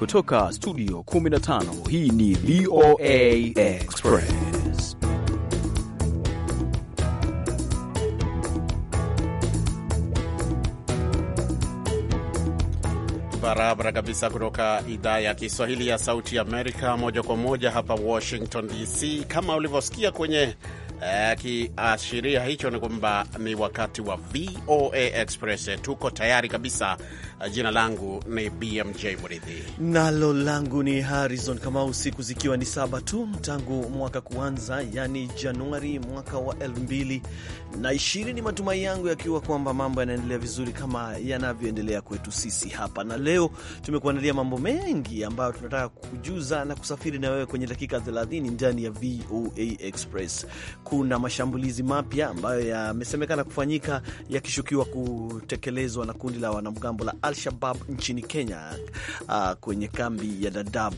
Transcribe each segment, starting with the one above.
Kutoka studio 15 hii ni VOA Express. Barabara kabisa kutoka idhaa ya Kiswahili ya Sauti Amerika, moja kwa moja hapa Washington DC, kama ulivyosikia kwenye Akiashiria hicho ni kwamba ni wakati wa VOA Express, tuko tayari kabisa. Jina langu ni BMJ Mridhi, nalo langu ni Harrison Kamau, siku zikiwa ni saba tu tangu mwaka kuanza, yani Januari mwaka wa elfu mbili na ishirini, matumai yangu yakiwa kwamba mambo yanaendelea vizuri kama yanavyoendelea kwetu sisi hapa. Na leo tumekuandalia mambo mengi ambayo tunataka kujuza na kusafiri na wewe kwenye dakika 30 ndani ya VOA Express kuna mashambulizi mapya ambayo yamesemekana kufanyika yakishukiwa kutekelezwa na kundi la wanamgambo la Al-Shabab nchini Kenya, uh, kwenye kambi ya Dadaab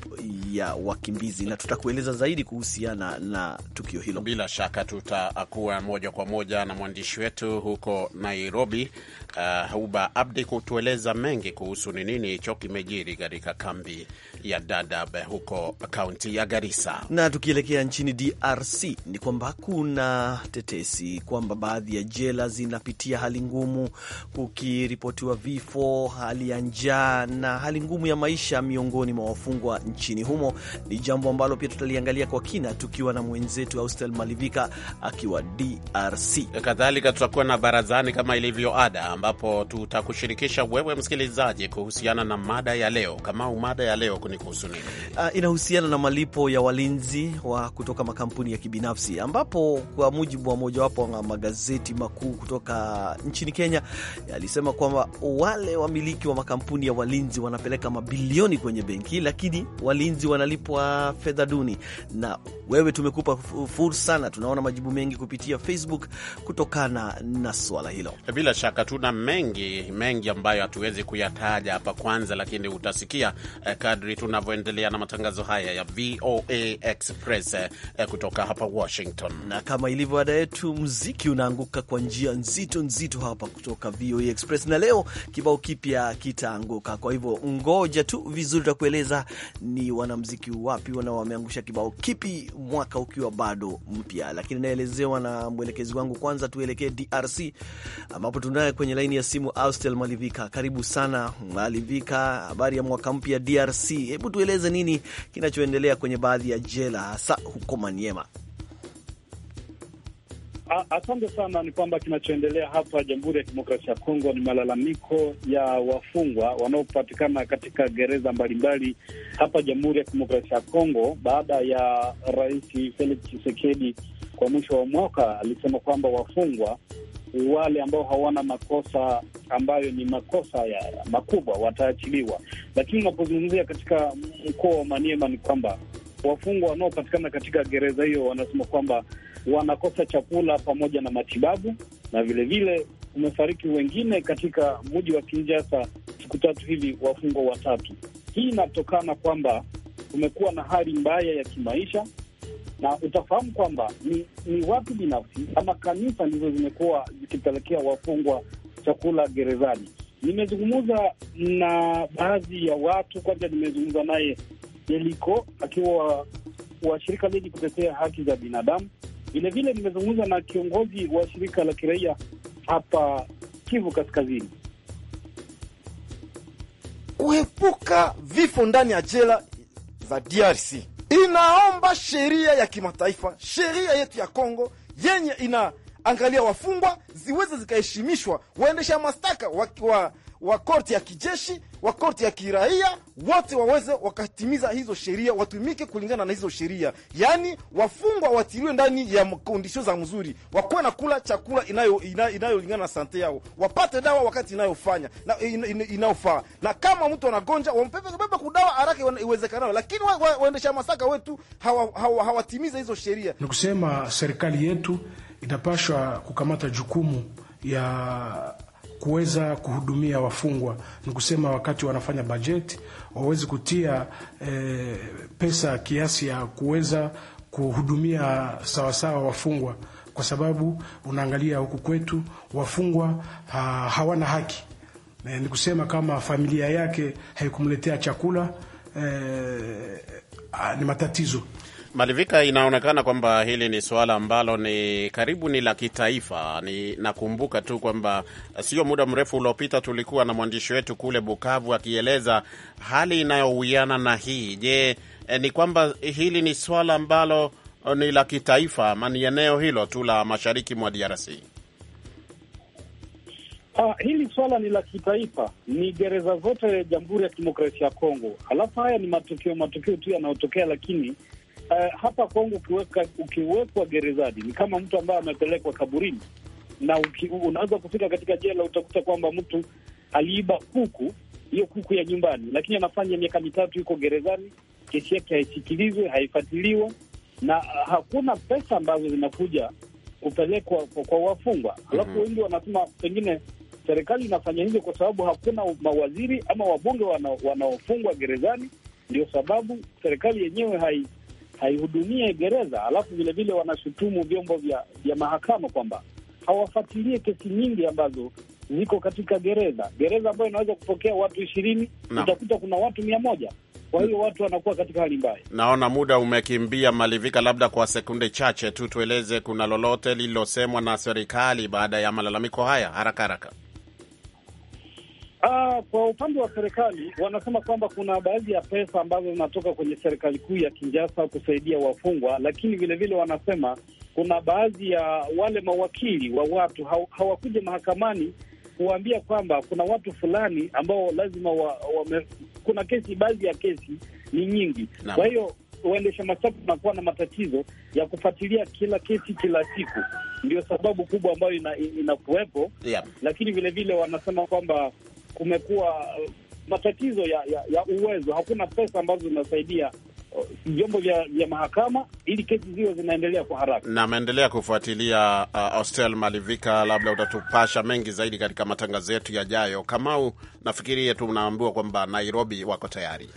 ya wakimbizi, na tutakueleza zaidi kuhusiana na tukio hilo. Bila shaka tutakuwa moja kwa moja na mwandishi wetu huko Nairobi, uh, Huba Abdi, kutueleza mengi kuhusu ni nini hicho kimejiri katika kambi ya Dadaab huko kaunti ya Garissa. Na tukielekea nchini DRC ni kwamba kuna tetesi kwamba baadhi ya jela zinapitia hali ngumu, kukiripotiwa vifo, hali ya njaa na hali ngumu ya maisha miongoni mwa wafungwa nchini humo. Ni jambo ambalo pia tutaliangalia kwa kina tukiwa na mwenzetu Austel Malivika akiwa DRC. E, kadhalika tutakuwa na barazani kama ilivyo ada, ambapo tutakushirikisha wewe msikilizaji kuhusiana na mada ya leo. Kama mada ya leo ni kuhusu nini? Uh, inahusiana na malipo ya walinzi wa kutoka makampuni ya kibinafsi ambapo kwa mujibu wa mojawapo wa magazeti makuu kutoka nchini Kenya, yalisema kwamba wale wamiliki wa makampuni ya walinzi wanapeleka mabilioni kwenye benki, lakini walinzi wanalipwa fedha duni. Na wewe tumekupa fursa na tunaona majibu mengi kupitia Facebook kutokana na swala hilo. Bila shaka tuna mengi mengi ambayo hatuwezi kuyataja hapa kwanza, lakini utasikia eh, kadri tunavyoendelea na matangazo haya ya VOA Express eh, kutoka hapa Washington kama ilivyo ada yetu, mziki unaanguka kwa njia nzito nzito hapa kutoka VOA e Express, na leo kibao kipya kitaanguka. Kwa hivyo ngoja tu vizuri, takueleza ni wanamziki wapi wana wameangusha kibao kipi, mwaka ukiwa bado mpya, lakini naelezewa na mwelekezi wangu. Kwanza tuelekee DRC ambapo tunaye kwenye laini ya simu Austel Malivika. Karibu sana Malivika, habari ya mwaka mpya DRC. Hebu tueleze nini kinachoendelea kwenye baadhi ya jela hasa huko Maniema? Asante sana. Ni kwamba kinachoendelea hapa Jamhuri ya Kidemokrasia ya Kongo ni malalamiko ya wafungwa wanaopatikana katika gereza mbalimbali hapa Jamhuri ya Kidemokrasia ya Kongo baada ya Rais Felix Tshisekedi kwa mwisho wa mwaka alisema kwamba wafungwa wale ambao hawana makosa ambayo ni makosa ya makubwa wataachiliwa, lakini unapozungumzia katika mkoa wa Maniema ni kwamba wafungwa wanaopatikana katika gereza hiyo wanasema kwamba wanakosa chakula pamoja na matibabu, na vilevile kumefariki wengine katika mji wa Kinshasa siku tatu hivi, wafungwa watatu. Hii inatokana kwamba kumekuwa na hali mbaya ya kimaisha, na utafahamu kwamba ni, ni watu binafsi ama kanisa ndizo zimekuwa zikipelekea wafungwa chakula gerezani. Nimezungumza na baadhi ya watu, kwanza nimezungumza naye Eliko akiwa wa shirika lenye kutetea haki za binadamu Vilevile nimezungumza na kiongozi wa shirika la kiraia hapa Kivu Kaskazini. Kuepuka vifo ndani ya jela za DRC inaomba sheria ya kimataifa, sheria yetu ya Kongo yenye inaangalia wafungwa ziweze zikaheshimishwa. Waendesha mashtaka wa, wa wa korti ya kijeshi, wa korti ya kiraia, wote waweze wakatimiza hizo sheria, watumike kulingana na hizo sheria. Yaani wafungwa watiliwe ndani ya kondisho za mzuri, wakuwe na kula chakula inayolingana inayo, inayo na sante yao, wapate dawa wakati inayofanya na in, in, inayofaa, na kama mtu anagonja wampepepebe kudawa haraka iwezekanao, lakini waendesha wa, masaka wetu hawatimize hawa, hawa hizo sheria. Ni kusema serikali yetu inapashwa kukamata jukumu ya kuweza kuhudumia wafungwa. Ni kusema wakati wanafanya bajeti wawezi kutia e, pesa kiasi ya kuweza kuhudumia sawasawa wafungwa, kwa sababu unaangalia huku kwetu wafungwa ha, hawana haki e, ni kusema kama familia yake haikumletea chakula e, eh, a, ni matatizo. Malivika, inaonekana kwamba hili ni suala ambalo ni karibu ni la kitaifa. Ni nakumbuka tu kwamba sio muda mrefu uliopita tulikuwa na mwandishi wetu kule Bukavu akieleza hali inayowiana na hii. Je, eh, ni kwamba hili ni swala ambalo eh, ni la kitaifa ama ni eneo hilo tu la mashariki mwa DRC? Ha, ah, hili swala ni la kitaifa, ni gereza zote Jamhuri ya Kidemokrasia ya Kongo. alafu haya ni matukio matukio tu yanayotokea, lakini uh, hapa Kongo ukiweka ukiwekwa gerezani ni kama mtu ambaye amepelekwa kaburini, na unaweza kufika katika jela utakuta kwamba mtu aliiba kuku, hiyo kuku ya nyumbani, lakini anafanya miaka mitatu yuko gerezani, kesi yake haisikilizwe, haifuatiliwe na ah, hakuna pesa ambazo zinakuja kupelekwa kwa, kwa wafungwa. Alafu mm -hmm. wengi wanasema pengine serikali inafanya hivyo kwa sababu hakuna mawaziri ama wabunge wanaofungwa wana gerezani, ndio sababu serikali yenyewe hai haihudumie gereza, alafu vilevile wanashutumu vyombo vya, vya mahakama kwamba hawafuatilie kesi nyingi ambazo ziko katika gereza. Gereza ambayo inaweza kupokea watu ishirini utakuta kuna watu mia moja. Kwa hiyo mm. watu wanakuwa katika hali mbaya. Naona muda umekimbia, Malivika, labda kwa sekunde chache tu tueleze kuna lolote lililosemwa na serikali baada ya malalamiko haya, haraka haraka. Uh, kwa upande wa serikali wanasema kwamba kuna baadhi ya pesa ambazo zinatoka kwenye serikali kuu ya Kinjasa kusaidia wafungwa, lakini vilevile vile wanasema kuna baadhi ya wale mawakili wa watu hawakuja mahakamani kuwaambia kwamba kuna watu fulani ambao lazima wa, wa, kuna kesi, baadhi ya kesi ni nyingi na. Kwa hiyo waendesha mashtaka unakuwa na matatizo ya kufuatilia kila kesi kila siku, ndio sababu kubwa ambayo inakuwepo ina, yeah. Lakini vilevile wanasema kwamba kumekuwa uh, matatizo ya, ya, ya uwezo. Hakuna pesa ambazo zinasaidia uh, vyombo vya, vya mahakama ili kesi ziwe zinaendelea kwa haraka. Na ameendelea kufuatilia uh, Austel Malivika, labda utatupasha mengi zaidi katika matangazo yetu yajayo. Kamau, nafikiri tunaambiwa kwamba Nairobi wako tayari.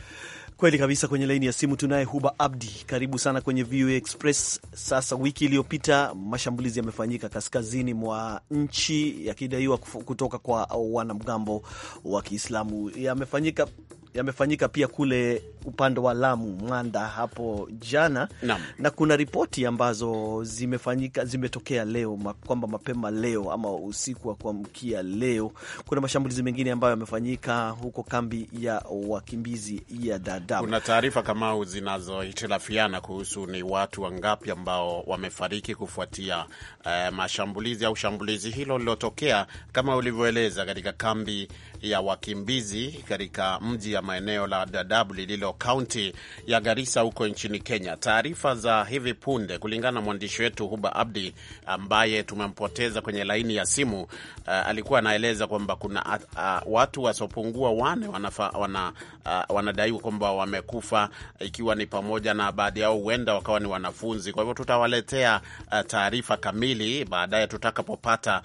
Kweli kabisa. Kwenye laini ya simu tunaye Huba Abdi, karibu sana kwenye VOA Express. Sasa wiki iliyopita mashambulizi yamefanyika kaskazini mwa nchi yakidaiwa kutoka kwa wanamgambo wa Kiislamu, yamefanyika yamefanyika pia kule upande wa Lamu Mwanda hapo jana na, na kuna ripoti ambazo zimefanyika zimetokea leo kwamba mapema leo ama usiku wa kuamkia leo kuna mashambulizi mengine ambayo yamefanyika huko kambi ya wakimbizi ya Dadaab. Kuna taarifa kama zinazohitilafiana kuhusu ni watu wangapi ambao wamefariki kufuatia eh, mashambulizi au shambulizi hilo lilotokea kama ulivyoeleza katika kambi ya wakimbizi katika mji ya maeneo la Dadaab lililo kaunti ya Garissa huko nchini Kenya. Taarifa za hivi punde kulingana na mwandishi wetu Huba Abdi ambaye tumempoteza kwenye laini ya simu, uh, alikuwa anaeleza kwamba kuna uh, watu wasiopungua wane wanafa, wana, uh, wanadaiwa kwamba wamekufa ikiwa ni pamoja na baadhi yao huenda wakawa ni wanafunzi. Kwa hivyo tutawaletea uh, taarifa kamili baadaye tutakapopata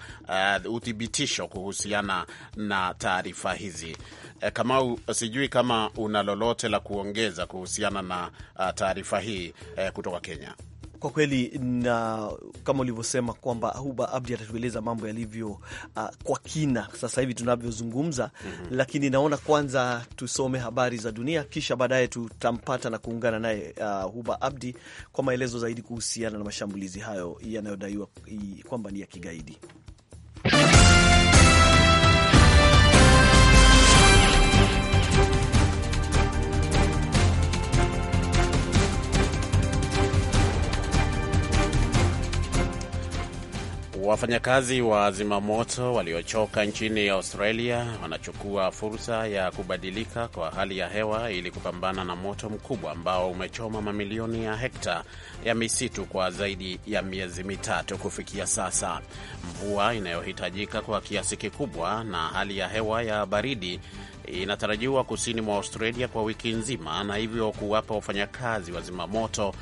uh, uthibitisho kuhusiana na taarifa taarifa hizi. E, Kamau, sijui kama una lolote la kuongeza kuhusiana na ah, taarifa hii e, kutoka Kenya? Kwa kweli na kama ulivyosema kwamba Huba Abdi atatueleza mambo yalivyo uh, kwa kina sasa hivi tunavyozungumza. mm -hmm. Lakini naona kwanza tusome habari za dunia, kisha baadaye tutampata na kuungana naye uh, Huba Abdi kwa maelezo zaidi kuhusiana na mashambulizi hayo yanayodaiwa kwamba ni ya kigaidi. Wafanyakazi wa zimamoto waliochoka nchini Australia wanachukua fursa ya kubadilika kwa hali ya hewa ili kupambana na moto mkubwa ambao umechoma mamilioni ya hekta ya misitu kwa zaidi ya miezi mitatu kufikia sasa. Mvua inayohitajika kwa kiasi kikubwa na hali ya hewa ya baridi inatarajiwa kusini mwa Australia kwa wiki nzima na hivyo kuwapa wafanyakazi wa zimamoto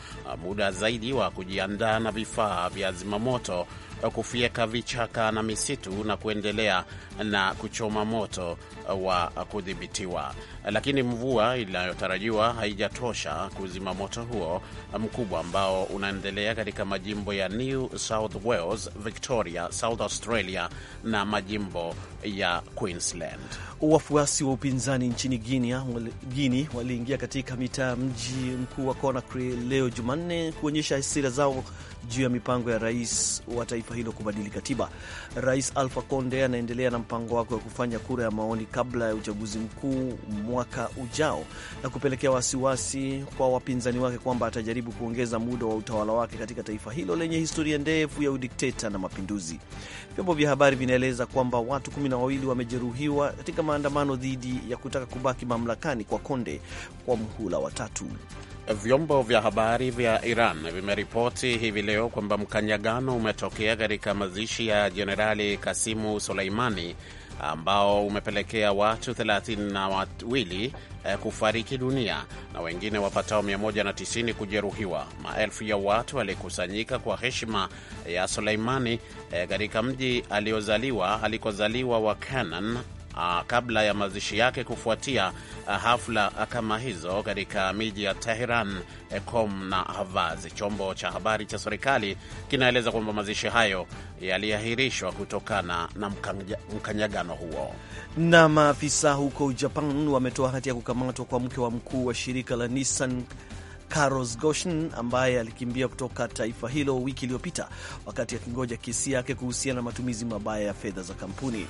muda zaidi wa kujiandaa na vifaa vya zimamoto kufyeka vichaka na misitu na kuendelea na kuchoma moto wa kudhibitiwa, lakini mvua inayotarajiwa haijatosha kuzima moto huo mkubwa ambao unaendelea katika majimbo ya New South Wales, Victoria, South Australia na majimbo ya Queensland. Wafuasi wa upinzani nchini guini waliingia katika mitaa mji mkuu wa Conakry leo Jumanne kuonyesha hasira zao juu ya mipango ya rais wa taifa hilo kubadili katiba. Rais alfa Conde anaendelea na mpango wake wa kufanya kura ya maoni kabla ya uchaguzi mkuu mwaka ujao na kupelekea wasiwasi kwa wapinzani wake kwamba atajaribu kuongeza muda wa utawala wake katika taifa hilo lenye historia ndefu ya udikteta na mapinduzi. Vyombo vya habari vinaeleza kwamba watu kumi na wawili wamejeruhiwa katika maandamano dhidi ya kutaka kubaki mamlakani kwa Konde kwa mhula wa tatu. Vyombo vya habari vya Iran vimeripoti hivi leo kwamba mkanyagano umetokea katika mazishi ya Jenerali Kasimu Soleimani ambao umepelekea watu 32 eh, kufariki dunia na wengine wapatao 190 kujeruhiwa. Maelfu ya watu walikusanyika kwa heshima ya Suleimani eh, katika eh, mji aliozaliwa alikozaliwa wa Canaan uh, kabla ya mazishi yake kufuatia uh, hafla ah, kama hizo katika miji ya Teheran, eh, Qom na Havazi. Chombo cha habari cha serikali kinaeleza kwamba mazishi hayo yaliahirishwa kutokana na mkanyagano huo. Na maafisa huko Japan wametoa hati ya kukamatwa kwa mke wa mkuu wa shirika la Nissan Carlos Ghosn ambaye alikimbia kutoka taifa hilo wiki iliyopita wakati akingoja kesi yake kuhusiana na matumizi mabaya ya fedha za kampuni.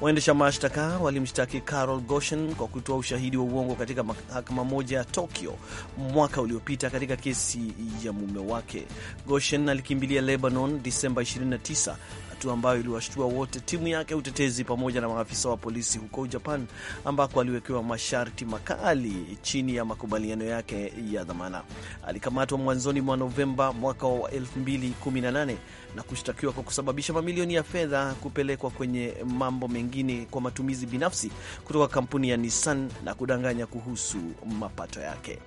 Waendesha mashtaka walimshtaki Carol goshen kwa kutoa ushahidi wa uongo katika mahakama moja ya Tokyo mwaka uliopita katika kesi ya mume wake. goshen alikimbilia Lebanon Disemba 29 hatua ambayo iliwashtua wote, timu yake ya utetezi pamoja na maafisa wa polisi huko Japan, ambako aliwekewa masharti makali chini ya makubaliano yake ya dhamana. Alikamatwa mwanzoni mwa Novemba mwaka wa 2018 na kushtakiwa kwa kusababisha mamilioni ya fedha kupelekwa kwenye mambo mengine kwa matumizi binafsi kutoka kampuni ya Nissan na kudanganya kuhusu mapato yake.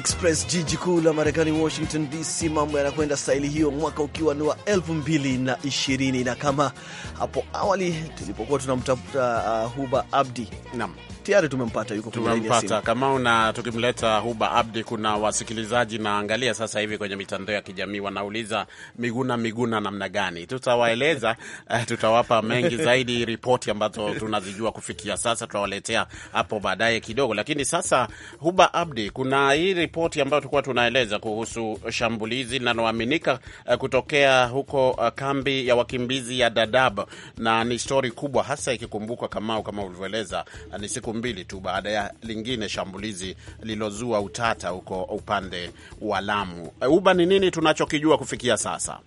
Express, jiji kuu la Marekani, Washington DC. Mambo yanakwenda staili hiyo, mwaka ukiwa ni wa 2020 na kama hapo awali tulipokuwa tunamtafuta uh, Huba Abdi Nam tayari tumempata, yuko tumempata kama una tukimleta Huba Abdi. Kuna wasikilizaji naangalia sasa hivi kwenye mitandao ya kijamii wanauliza Miguna Miguna namna gani? Tutawaeleza eh, tutawapa mengi zaidi, ripoti ambazo tunazijua kufikia sasa tutawaletea hapo baadaye kidogo, lakini sasa Huba Abdi, kuna hii ripoti ambayo tulikuwa tunaeleza kuhusu shambulizi linaloaminika eh, kutokea huko eh, kambi ya wakimbizi ya Dadaab, na ni stori kubwa hasa ikikumbukwa, Kamau, kama ulivyoeleza ni siku siku mbili tu baada ya lingine shambulizi lilozua utata huko upande wa Lamu. Eh, Uba, ni nini tunachokijua kufikia sasa?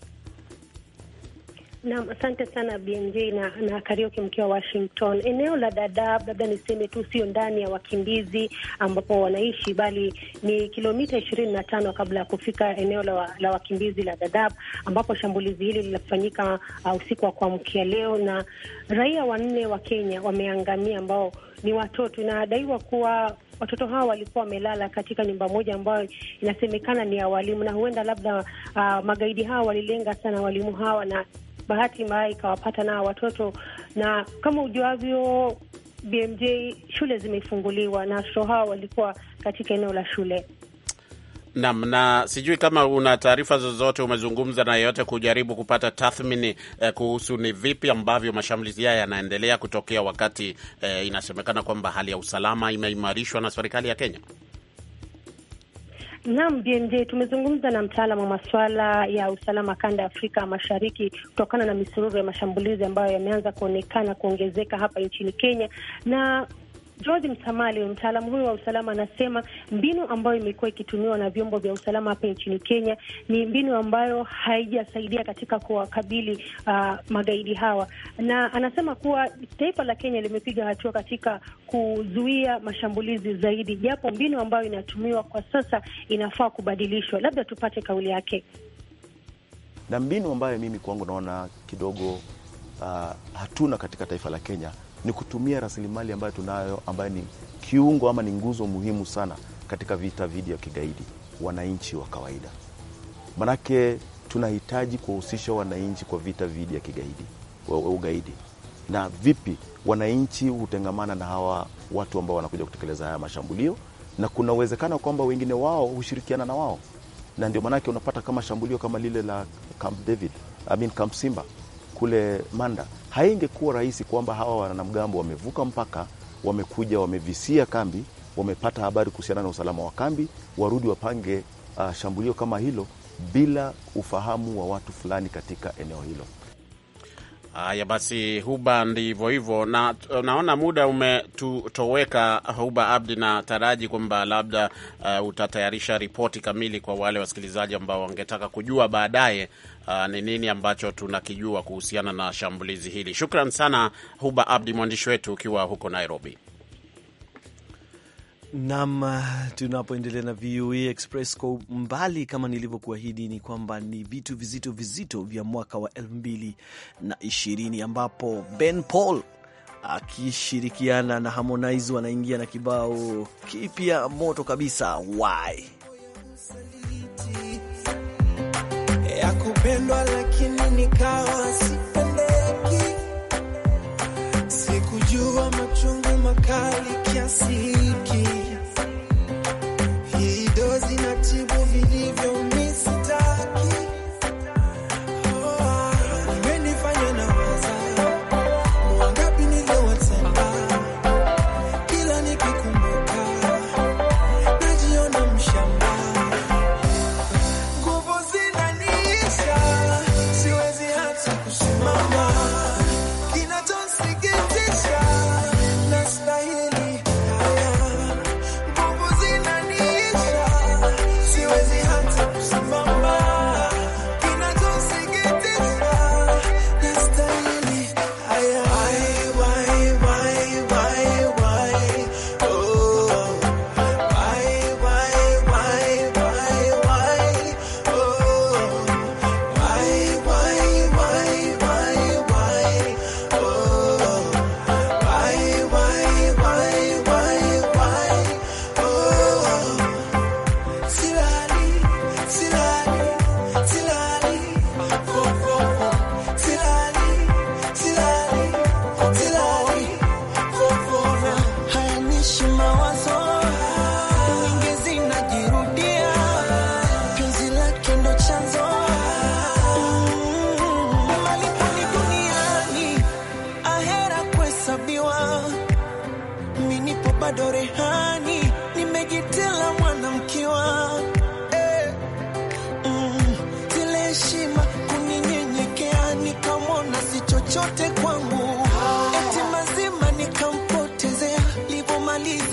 Naam, asante sana BMJ na, na Karioki mkiwa Washington. Eneo la Dadaab labda niseme tu, sio ndani ya wakimbizi ambapo wanaishi, bali ni kilomita ishirini na tano kabla ya kufika eneo la, la wakimbizi la Dadaab ambapo shambulizi hili linafanyika uh, usiku wa kuamkia leo, na raia wanne wa Kenya wameangamia ambao ni watoto. Inadaiwa kuwa watoto hawa walikuwa wamelala katika nyumba moja ambayo inasemekana ni ya walimu, na huenda labda uh, magaidi hawa walilenga sana walimu hawa na bahati mbaya ikawapata nao watoto, na kama ujuavyo BMJ, shule zimefunguliwa na watoto hao walikuwa katika eneo la shule. Naam, na sijui kama una taarifa zozote, umezungumza na yeyote kujaribu kupata tathmini eh, kuhusu ni vipi ambavyo mashambulizi haya yanaendelea kutokea wakati eh, inasemekana kwamba hali ya usalama imeimarishwa na serikali ya Kenya. Naam, BMJ, tumezungumza na mtaalamu wa maswala ya usalama kanda ya Afrika Mashariki kutokana na misururu ya mashambulizi ambayo yameanza kuonekana kuongezeka hapa nchini Kenya, na George Msamali, mtaalamu huyo wa usalama, anasema mbinu ambayo imekuwa ikitumiwa na vyombo vya usalama hapa nchini Kenya ni mbinu ambayo haijasaidia katika kuwakabili uh, magaidi hawa, na anasema kuwa taifa la Kenya limepiga hatua katika kuzuia mashambulizi zaidi, japo mbinu ambayo inatumiwa kwa sasa inafaa kubadilishwa. Labda tupate kauli yake na mbinu ambayo mimi kwangu naona kidogo uh, hatuna katika taifa la Kenya ni kutumia rasilimali ambayo tunayo, ambayo ni kiungo ama ni nguzo muhimu sana katika vita dhidi ya kigaidi, wananchi wa kawaida. Manake tunahitaji kuwahusisha wananchi kwa vita dhidi ya kigaidi, ugaidi. Na vipi wananchi hutengamana na hawa watu ambao wanakuja kutekeleza haya mashambulio, na kuna uwezekano kwamba wengine wao hushirikiana na wao, na ndio maanake unapata kama shambulio kama lile la Camp David, I mean Camp Simba kule Manda haingekuwa rahisi kwamba hawa wanamgambo wamevuka mpaka, wamekuja, wamevisia kambi, wamepata habari kuhusiana na usalama wa kambi, warudi wapange uh, shambulio kama hilo bila ufahamu wa watu fulani katika eneo hilo. Haya basi, Huba, ndivyo hivyo na naona muda umetutoweka. Huba Abdi, na taraji kwamba labda uh, utatayarisha ripoti kamili kwa wale wasikilizaji ambao wangetaka kujua baadaye Ah, ni nini ambacho tunakijua kuhusiana na shambulizi hili. Shukran sana Huba Abdi, mwandishi wetu ukiwa huko Nairobi. Nam, ah, tunapoendelea na VOA Express kwa umbali kama nilivyokuahidi, ni kwamba ni vitu vizito vizito vya mwaka wa elfu mbili na ishirini ambapo Ben Paul akishirikiana na Harmonize wanaingia na kibao kipya moto kabisa why Nilipendwa lakini nikawa sipendeki, sikujua machungu makali kiasi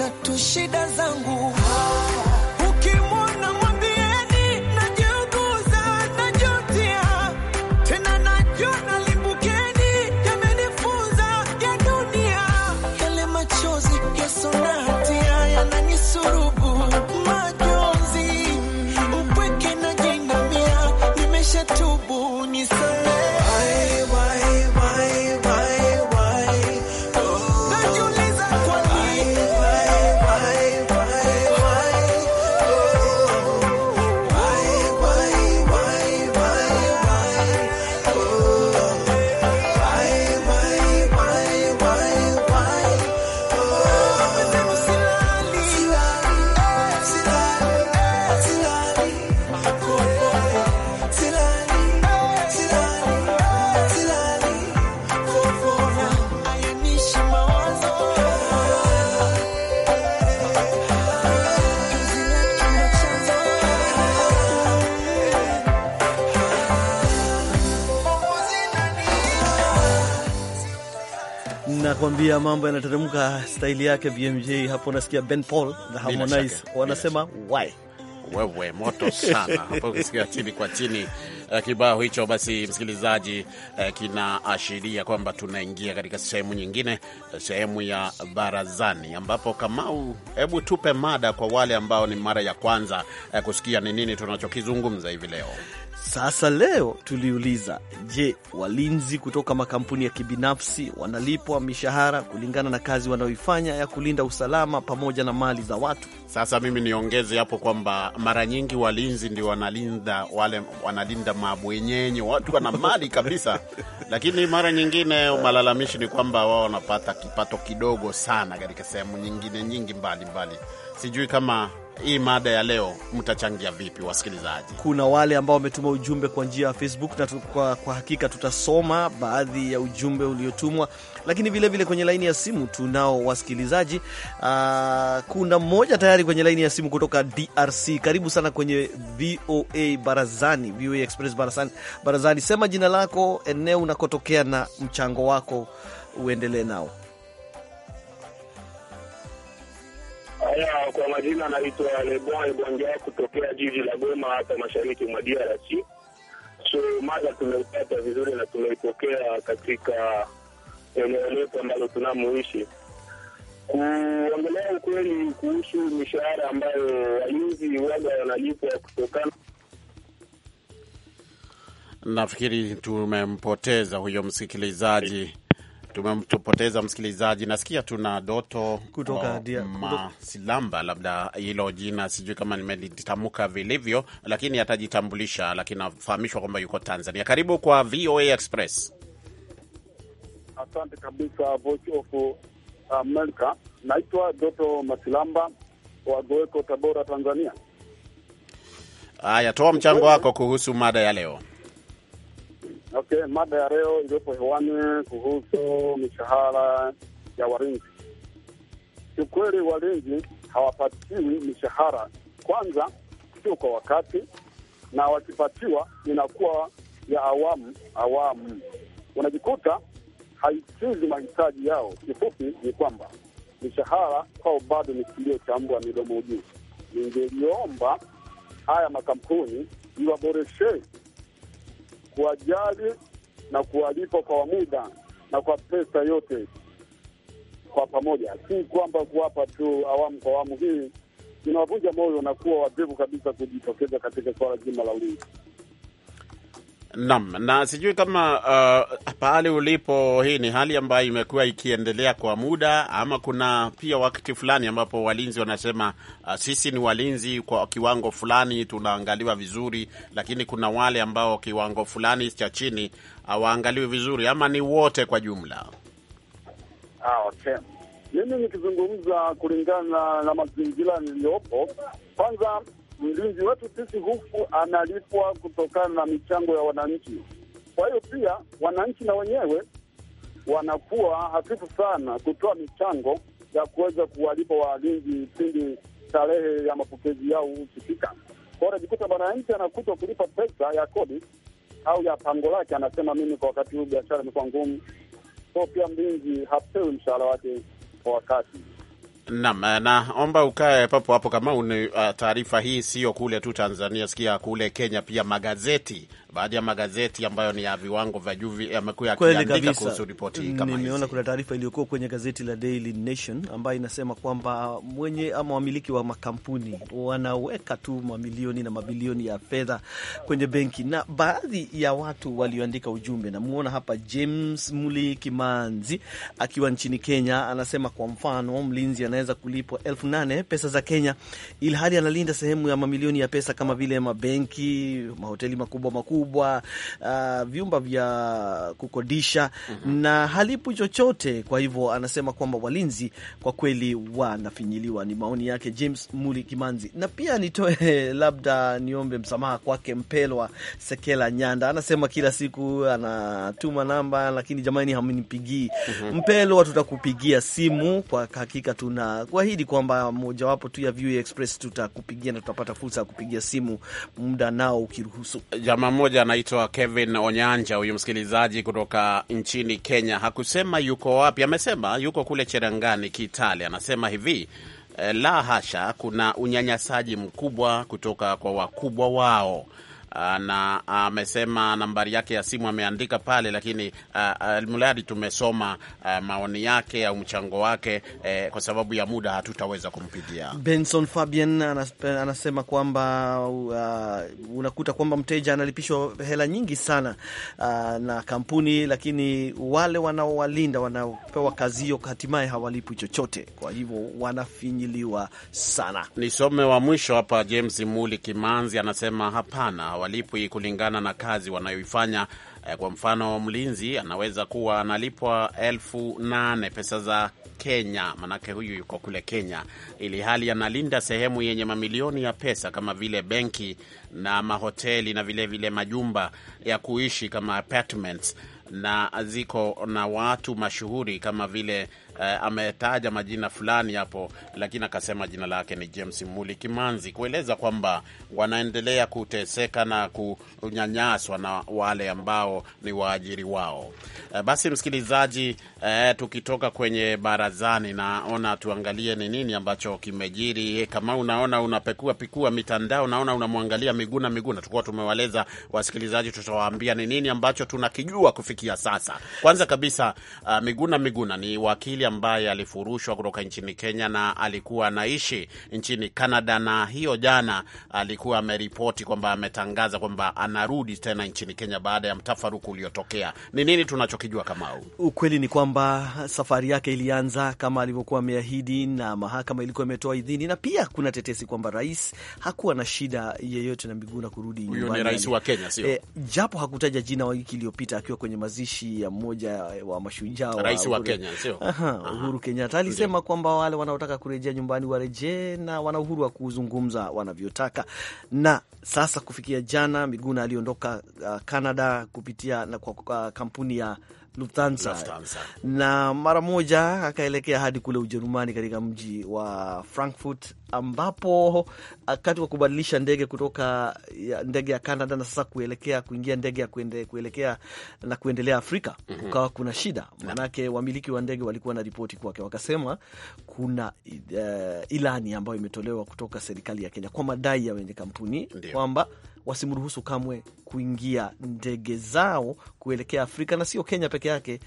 tatu shida zangu Nakwambia mambo yanateremka, staili yake BMJ. Hapo unasikia Ben Paul na Harmonize wanasema why wewe moto sana hapo, ukisikia chini kwa chini eh, kibao hicho, basi msikilizaji, eh, kinaashiria kwamba tunaingia katika sehemu nyingine, eh, sehemu ya barazani, ambapo Kamau, hebu tupe mada kwa wale ambao ni mara ya kwanza kusikia ni nini tunachokizungumza hivi leo. Sasa leo tuliuliza, je, walinzi kutoka makampuni ya kibinafsi wanalipwa mishahara kulingana na kazi wanayoifanya ya kulinda usalama pamoja na mali za watu? Sasa mimi niongeze hapo kwamba mara nyingi walinzi ndio wanalinda wale wanalinda mabwenyenye watu wana mali kabisa, lakini mara nyingine malalamishi ni kwamba wao wanapata kipato kidogo sana katika sehemu nyingine nyingi mbalimbali mbali. Sijui kama hii mada ya leo mtachangia vipi wasikilizaji? Kuna wale ambao wametuma ujumbe kwa njia ya Facebook na kwa, kwa hakika tutasoma baadhi ya ujumbe uliotumwa, lakini vilevile vile kwenye laini ya simu tunao wasikilizaji uh, kuna mmoja tayari kwenye laini ya simu kutoka DRC. Karibu sana kwenye VOA Barazani, VOA Express Barazani. Barazani, sema jina lako, eneo unakotokea na mchango wako, uendelee nao. Haya, kwa majina anaitwa Lebon Ebongea kutokea jiji la Goma, hapa mashariki mwa DRC. So mada tumeipata vizuri na tumeipokea katika eneo letu ambalo tunamoishi. Kuongelea ukweli kuhusu mishahara ambayo walinzi waga wanalipwa kutokana Nafikiri tumempoteza huyo msikilizaji Tumempoteza msikilizaji. Nasikia tuna Doto kutoka Masilamba, labda hilo jina sijui kama nimelitamka vilivyo, lakini atajitambulisha, lakini nafahamishwa kwamba yuko Tanzania. Karibu kwa VOA Express. Asante kabisa Voice of America. Naitwa Doto Masilamba wa Goweko, Tabora, Tanzania. Haya, toa mchango wako kuhusu mada ya leo. Okay, mada ya leo iliyopo hewani kuhusu mishahara ya walinzi. Kiukweli walinzi hawapatiwi mishahara, kwanza sio kwa wakati, na wakipatiwa inakuwa ya awamu awamu, unajikuta haikidhi mahitaji yao. Kifupi ni kwamba mishahara kwao bado ni kilio cha mbwa midomo juu. Ningeliomba haya makampuni iwaboreshee kuwajali na kuwalipa kwa muda na kwa pesa yote kwa pamoja, si kwamba kuwapa tu awamu kwa awamu. Hii inawavunja moyo na kuwa wadevu kabisa kujitokeza katika suala zima la ulinzi. Naam, na sijui kama uh, pahali ulipo, hii ni hali ambayo imekuwa ikiendelea kwa muda, ama kuna pia wakati fulani ambapo walinzi wanasema uh, sisi ni walinzi kwa kiwango fulani, tunaangaliwa vizuri, lakini kuna wale ambao kiwango fulani cha chini hawaangaliwi uh, vizuri, ama ni wote kwa jumla? Ah, okay. Mimi nikizungumza kulingana na mazingira niliyopo, kwanza mlinzi wetu sisi huku analipwa kutokana na michango ya wananchi. Kwa hiyo pia wananchi na wenyewe wanakuwa hafifu sana kutoa michango ya kuweza kuwalipa walinzi pindi tarehe ya mapokezi yao ukifika Kwa hiyo mwananchi anakuta kulipa pesa ya kodi au ya pango lake, anasema mimi kwa wakati huu biashara imekuwa ngumu, so pia mlinzi hapewi mshahara wake kwa wakati. Naam, naomba ukae papo hapo, kama una uh, taarifa hii, sio kule tu Tanzania, sikia kule Kenya pia magazeti baadhi ya magazeti ambayo ni ya viwango vya juu yamekuwa yakiandika kuhusu ripoti hii. Kama nimeona kuna taarifa iliyokuwa kwenye gazeti la Daily Nation ambayo inasema kwamba mwenye ama wamiliki wa makampuni wanaweka tu mamilioni na mabilioni ya fedha kwenye benki, na baadhi ya watu walioandika ujumbe, namuona hapa James Muli Kimanzi akiwa nchini Kenya, anasema kwa mfano mlinzi anaweza kulipwa elfu nane pesa za Kenya, ilhali analinda sehemu ya mamilioni ya pesa kama vile mabenki, mahoteli makubwa makubwa kubwa, uh, vyumba vya kukodisha mm -hmm. na halipu chochote. Kwa hivyo anasema kwamba walinzi kwa kweli wanafinyiliwa. Ni maoni yake James Muli Kimanzi. Na pia nitoe labda niombe msamaha kwake Mpelwa Sekela Nyanda, anasema kila siku anatuma namba, lakini jamani hamnipigii. mm -hmm. Mpelwa, tutakupigia simu kwa hakika, tuna kuahidi kwamba mojawapo tu ya View Express tutakupigia na tutapata fursa ya kupigia simu muda nao ukiruhusu. Jamaa mmoja anaitwa Kevin Onyanja, huyu msikilizaji kutoka nchini Kenya. Hakusema yuko wapi, amesema yuko kule Cherangani, Kitale. Anasema hivi eh, la hasha, kuna unyanyasaji mkubwa kutoka kwa wakubwa wao Ah, na amesema nambari yake ya simu ameandika pale, lakini ah, ah, mradi tumesoma maoni yake au mchango wake. Eh, kwa sababu ya muda hatutaweza kumpigia. Benson Fabian anasema kwamba uh, unakuta kwamba mteja analipishwa hela nyingi sana uh, na kampuni, lakini wale wanaowalinda wanaopewa kazi hiyo hatimaye hawalipwi chochote, kwa hivyo wanafinyiliwa sana. Nisome wa mwisho hapa, James Muli Kimanzi anasema hapana hawalipwi kulingana na kazi wanayoifanya. Eh, kwa mfano, mlinzi anaweza kuwa analipwa elfu nane pesa za Kenya, manake huyu yuko kule Kenya, ili hali analinda sehemu yenye mamilioni ya pesa kama vile benki na mahoteli na vilevile vile majumba ya kuishi kama apartments, na ziko na watu mashuhuri kama vile eh, ametaja majina fulani hapo, lakini akasema jina lake ni James Muli Kimanzi, kueleza kwamba wanaendelea kuteseka na kunyanyaswa na wale ambao ni waajiri wao. Eh, basi msikilizaji, eh, tukitoka kwenye barazani, naona tuangalie ni nini ambacho kimejiri. Eh, kama unaona unapekua pikua mitandao, naona unamwangalia Miguna Miguna, tukuwa tumewaleza wasikilizaji, tutawaambia ni nini ambacho tunakijua kufikia sasa. Kwanza kabisa, uh, Miguna Miguna ni wakili ambaye alifurushwa kutoka nchini Kenya na alikuwa anaishi nchini Canada, na hiyo jana alikuwa ameripoti kwamba ametangaza kwamba anarudi tena nchini Kenya baada ya mtafaruku uliotokea. Ni nini tunachokijua kama Ukweli ni kwamba safari yake ilianza kama alivyokuwa ameahidi, na mahakama ilikuwa imetoa idhini, na pia kuna tetesi kwamba rais hakuwa na shida yeyote na miguu na kurudi nyumbani. Ni rais wa Kenya, sio e, japo hakutaja jina wiki iliyopita akiwa kwenye mazishi ya mmoja wa mashujaa rais wa, wa Kenya, sio Uhuru Kenyatta alisema kwamba wale wanaotaka kurejea nyumbani warejee na wana uhuru wa kuzungumza wanavyotaka. Na sasa kufikia jana, Miguna aliondoka uh, Canada kupitia na kwa uh, kampuni ya Lufthansa, Lufthansa. Na mara moja akaelekea hadi kule Ujerumani katika mji wa Frankfurt ambapo wakati wa kubadilisha ndege kutoka ndege ya Canada na sasa kuelekea kuingia ndege ya kuende, kuelekea na kuendelea Afrika mm -hmm. Ukawa kuna shida, maanake wamiliki wa ndege walikuwa na ripoti kwake, wakasema kuna uh, ilani ambayo imetolewa kutoka serikali ya Kenya kwa madai ya wenye kampuni kwamba wasimruhusu kamwe kuingia ndege zao kuelekea Afrika na sio Kenya peke yake,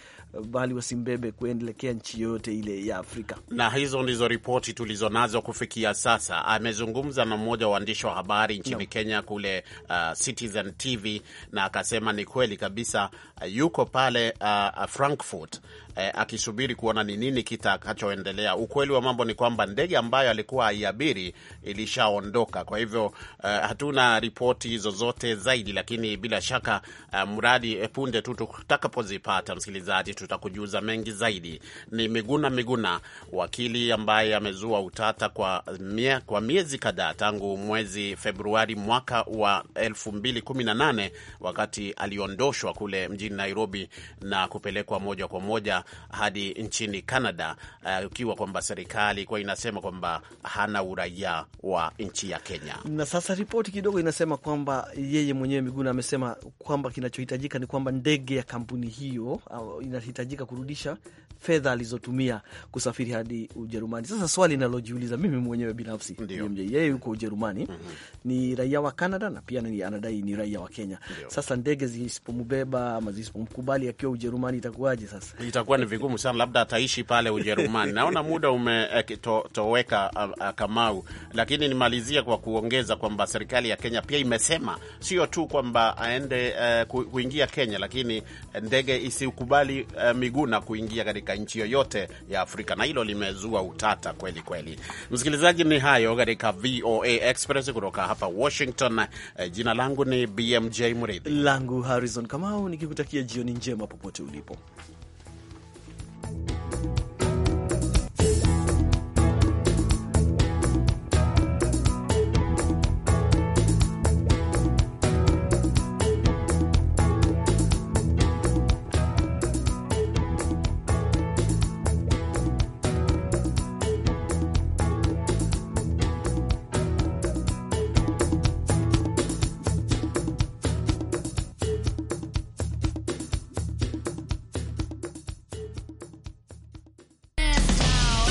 bali wasimbebe kuelekea nchi yoyote ile ya Afrika. Na hizo ndizo ripoti tulizonazo kufikia sasa. Amezungumza na mmoja wa waandishi wa habari nchini no. Kenya kule uh, Citizen TV na akasema ni kweli kabisa, uh, yuko pale uh, Frankfurt eh, akisubiri kuona ni nini kitakachoendelea. Ukweli wa mambo ni kwamba ndege ambayo alikuwa aiabiri ilishaondoka, kwa hivyo eh, hatuna ripoti zozote zaidi, lakini bila shaka eh, mradi eh, punde tu tutakapozipata, msikilizaji, tutakujuza mengi zaidi. Ni Miguna Miguna, wakili ambaye amezua utata kwa, mie, kwa miezi kadhaa tangu mwezi Februari mwaka wa 2018 wakati aliondoshwa kule mjini Nairobi na kupelekwa moja kwa moja hadi nchini Canada, uh, eh, ukiwa kwamba serikali kwa inasema kwamba hana uraia wa nchi ya Kenya. Na sasa ripoti kidogo inasema kwamba yeye mwenyewe Miguna amesema kwamba kinachohitajika ni kwamba ndege ya kampuni hiyo inahitajika kurudisha fedha alizotumia kusafiri hadi Ujerumani. Sasa swali linalojiuliza mimi mwenyewe binafsi, yeye yuko Ujerumani, mm -hmm. ni raia wa Canada na pia ni anadai ni raia wa Kenya. Ndiyo. Sasa ndege zisipomubeba ama zisipomkubali akiwa Ujerumani itakuwaje? Sasa itakuwa itakuwa ni vigumu sana, labda ataishi pale Ujerumani. Naona muda umetoweka eh, to, Kamau, lakini nimalizie kwa kuongeza kwamba serikali ya Kenya pia imesema sio tu kwamba aende uh, kuingia Kenya, lakini ndege isikubali uh, eh, miguu na kuingia katika nchi yoyote ya Afrika, na hilo limezua utata kweli kweli. Msikilizaji, ni hayo katika VOA Express kutoka hapa Washington. Uh, jina langu ni BMJ Mridhi, langu Harrison Kamau, nikikutakia jioni njema popote ulipo.